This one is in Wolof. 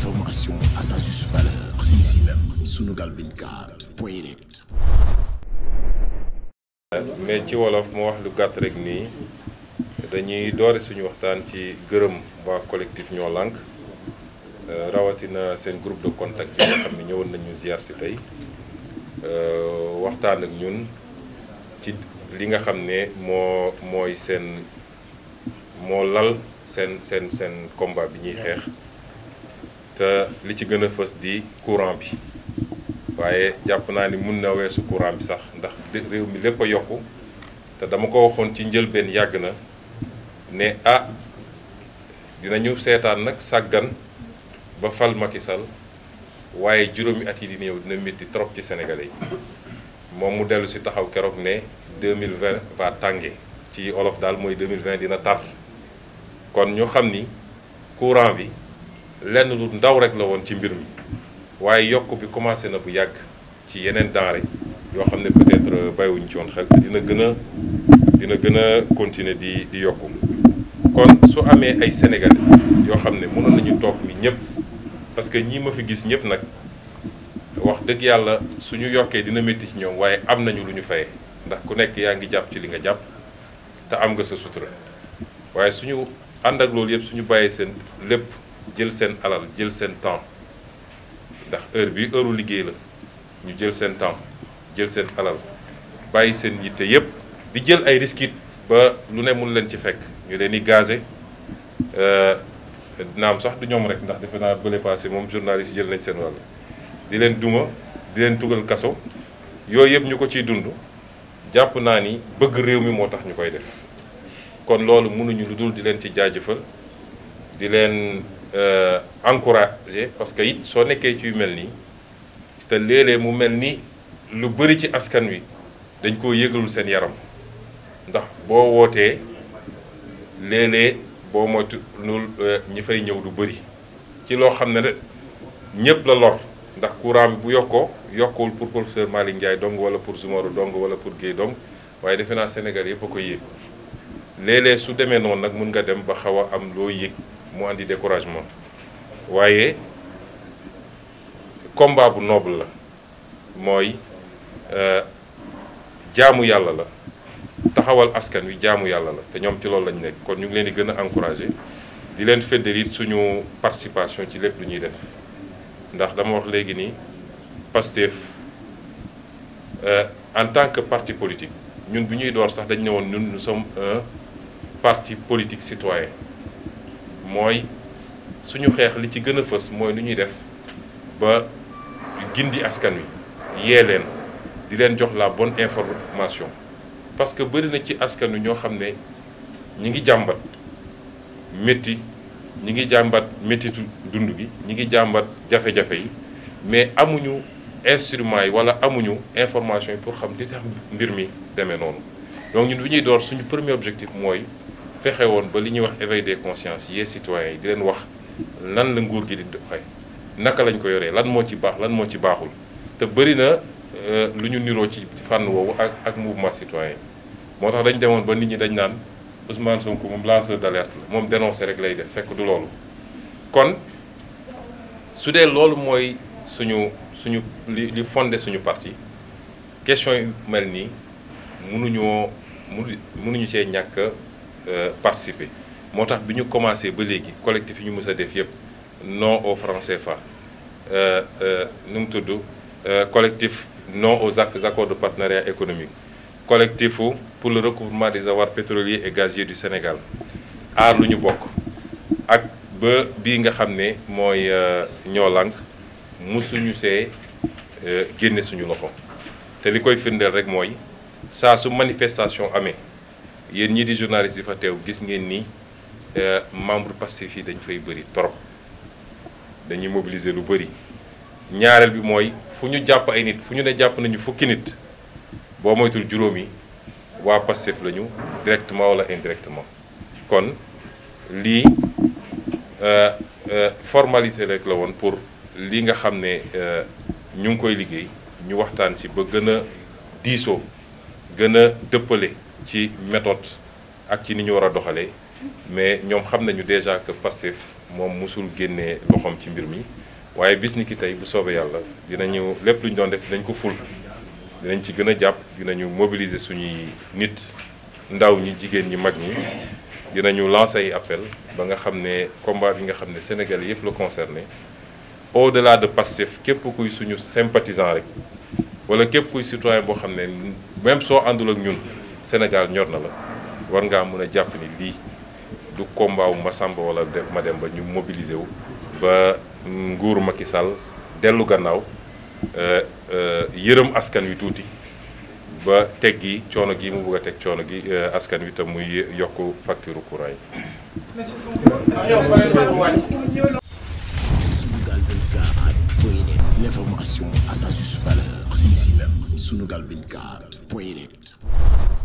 l'information à sa juste ci wolof moo wax lu gàtt rek nii dañuy doore suñu waxtaan ci gërëm waa collectif ñoo lànk euh, rawatina seen groupe de contact yi nga xam ne ñëwoon nañu ziar si tey euh, waxtaan ak ñun ci li nga xam ne moo mooy seen moo lal seen seen seen combat bi ñuy xeex. te li ci gën a fës di courant bi waaye jàpp naa ni mun na weesu courant bi sax ndax réew mi lépp a yokku te dama ko waxoon ci njëlbeen yàgg na ne ah dinañu seetaan nag sàggan ba fal Macky Sall waaye juróomi at yi di ñëw dina métti trop ci Sénégalais yi moom mu dellu si taxaw keroog ne 2020 va tànge ci olof daal mooy 2020 dina tar kon ñu xam ni courant bi. lenn lu ndaw rek la woon ci mbir mi waaye yokk bi commencé na bu yàgg ci yeneen denrée yoo xam ne peut-être euh, bàyyiwuñu ci woon xel dina gën a dina gën a continuer di di yokku kon su amee ay sénégal yoo xam ne mënoon nañu toog ni ñëpp parce que ñii ma fi gis ñëpp nag wax dëgg yàlla suñu yokkee dina métti ci ñoom waaye am nañu lu ñu fayee ndax ku nekk yaa ngi jàpp ci li nga jàpp te am nga sa sutura waaye suñu ànd ak loolu yëpp ñu bàyyee seen lépp jël seen alal jël seen temps ndax heure bi heure liggéey la ñu jël seen temps jël seen alal bàyyi seen yitte yépp di jël ay risques ba lu ne mun leen ci fekk ñu leen di gazé euh, naam sax du ñoom rek ndax defe naa bële passé moom journaliste jël nañ seen wàll di leen duma di leen tugal kaso yooyu yëpp ñu ko ciy dund jàpp naa ni bëgg réew mi moo tax ñu koy def kon loolu mënuñu lu dul di leen ci jaajëfal di leen Euh, encouragé parce que it soo nekkee ci yu mel nii te léeg mu mel ni lu bëri ci askan wi dañ koo yëgalul seen yaram ndax boo wootee léeg-léeg boo moytuwul euh, ñi fay ñëw lu bëri ci loo xam ne ñëpp la lor ndax courant bu yokkoo yokkuwul pour professeur Malick Ndiaye dong wala pour Zumaro dong wala pour Guèye dong waaye defe naa Sénégal yëpp a ko yëg léeg su demee noonu nag mun nga dem ba xaw a am loo yëg. mu andi découragement waaye combat bu noble la mooy euh, jaamu yàlla la taxawal askan wi jaamu yàlla la te ñoom ci loolu lañu nekk kon ñu ngi leen di gën a encouragé di leen fédérer it suñu participation ci lépp lu ñuy def ndax dama wax léegi nii Pastef euh, en tant que parti politique ñun bu ñuy door sax dañ ne woon ñun nous sommes un parti politique citoyen mooy suñu xeex li ci gën a fës mooy lu ñuy def ba gindi askan wi yee leen di leen jox la bonne information parce que bëri na ci askan wi ñoo xam ne ñi ngi jàmbat métti ñi ngi jàmbat méttitu dund bi ñi ngi jàmbat jafe-jafe yi mais amuñu instruments yi wala amuñu information yi pour xam li tax mbir mi demee noonu donc ñun bi ñuy door suñu premier objectif mooy fexe woon ba li ñuy wax éveil des consciences yee citoyens yi di leen wax lan la nguur gi di doxee naka lañ ko yoree lan moo ci baax lan moo ci baaxul te bëri na euh, lu ñu niroo ci fànn woowu ak ak mouvement citoyen moo tax dañ demoon ba nit ñi dañ naan Ousmane Sonko moom lanceur d'alerte la moom dénoncé rek lay def fekk du loolu kon su dee loolu mooy suñu suñu li li fonde suñu parti question yu mel nii mënuñoo mënuñu cee ñàkk Euh, participer moo tax bi ñu commencé ba léegi collectif yi ñu mës a def yëpp non au franc CFA euh, euh, nu mu tudd collectif non aux accords de partenariat économique collectif pour le recouvrement des avoirs pétroliers et gaziers du Sénégal aar lu ñu bokk ak ba bii nga xam ne mooy ñoo lànk musuñu see génne suñu loxo te li koy firndeel rek mooy saa su manifestation amee yéen ñii di journaliste yi fa teew gis ngeen ni euh, membre Pastef yi dañ fay bëri trop dañuy mobiliser lu bëri ñaareel bi mooy fu ñu jàpp ay nit fu ñu ne jàpp nañu fukki nit boo moytul juróom yi waa Pastef lañu directement wala indirectement kon lii euh, euh, formalité rek la woon pour li nga xam ne ñu ngi koy liggéey ñu waxtaan ci ba gën a diisoo gën a dëppale ci métode ak ci ni ñu war a doxalee mais ñoom xam nañu déjà que Pastef moom mosul génnee loxoom ci mbir mi waaye bis ni ki tey bu soobee yàlla dinañu lépp lu ñu doon def dinañ ko ful dinañ ci gën a jàpp dinañu mobiliser suñuy nit ndaw ñi jigéen ñi mag ñi dinañu lancer ay appel ba nga xam ne combat bi nga xam ne sénégal yëpp la concerné au-delà de Pastef képp kuy suñu sympathisant rek wala képp kuy citoyen boo xam ne même soo àndul ak ñun Sénégal ñor na la war nga mën a jàpp ni lii du combat wu Masamba wala ma dem ba ñu mobiliser wu ba nguuru Macky Sall dellu gannaaw euh, euh, yërëm askan wi tuuti ba gi coono gi mu bëgg a teg coono gi euh, askan wi te muy yokk facture courant yi.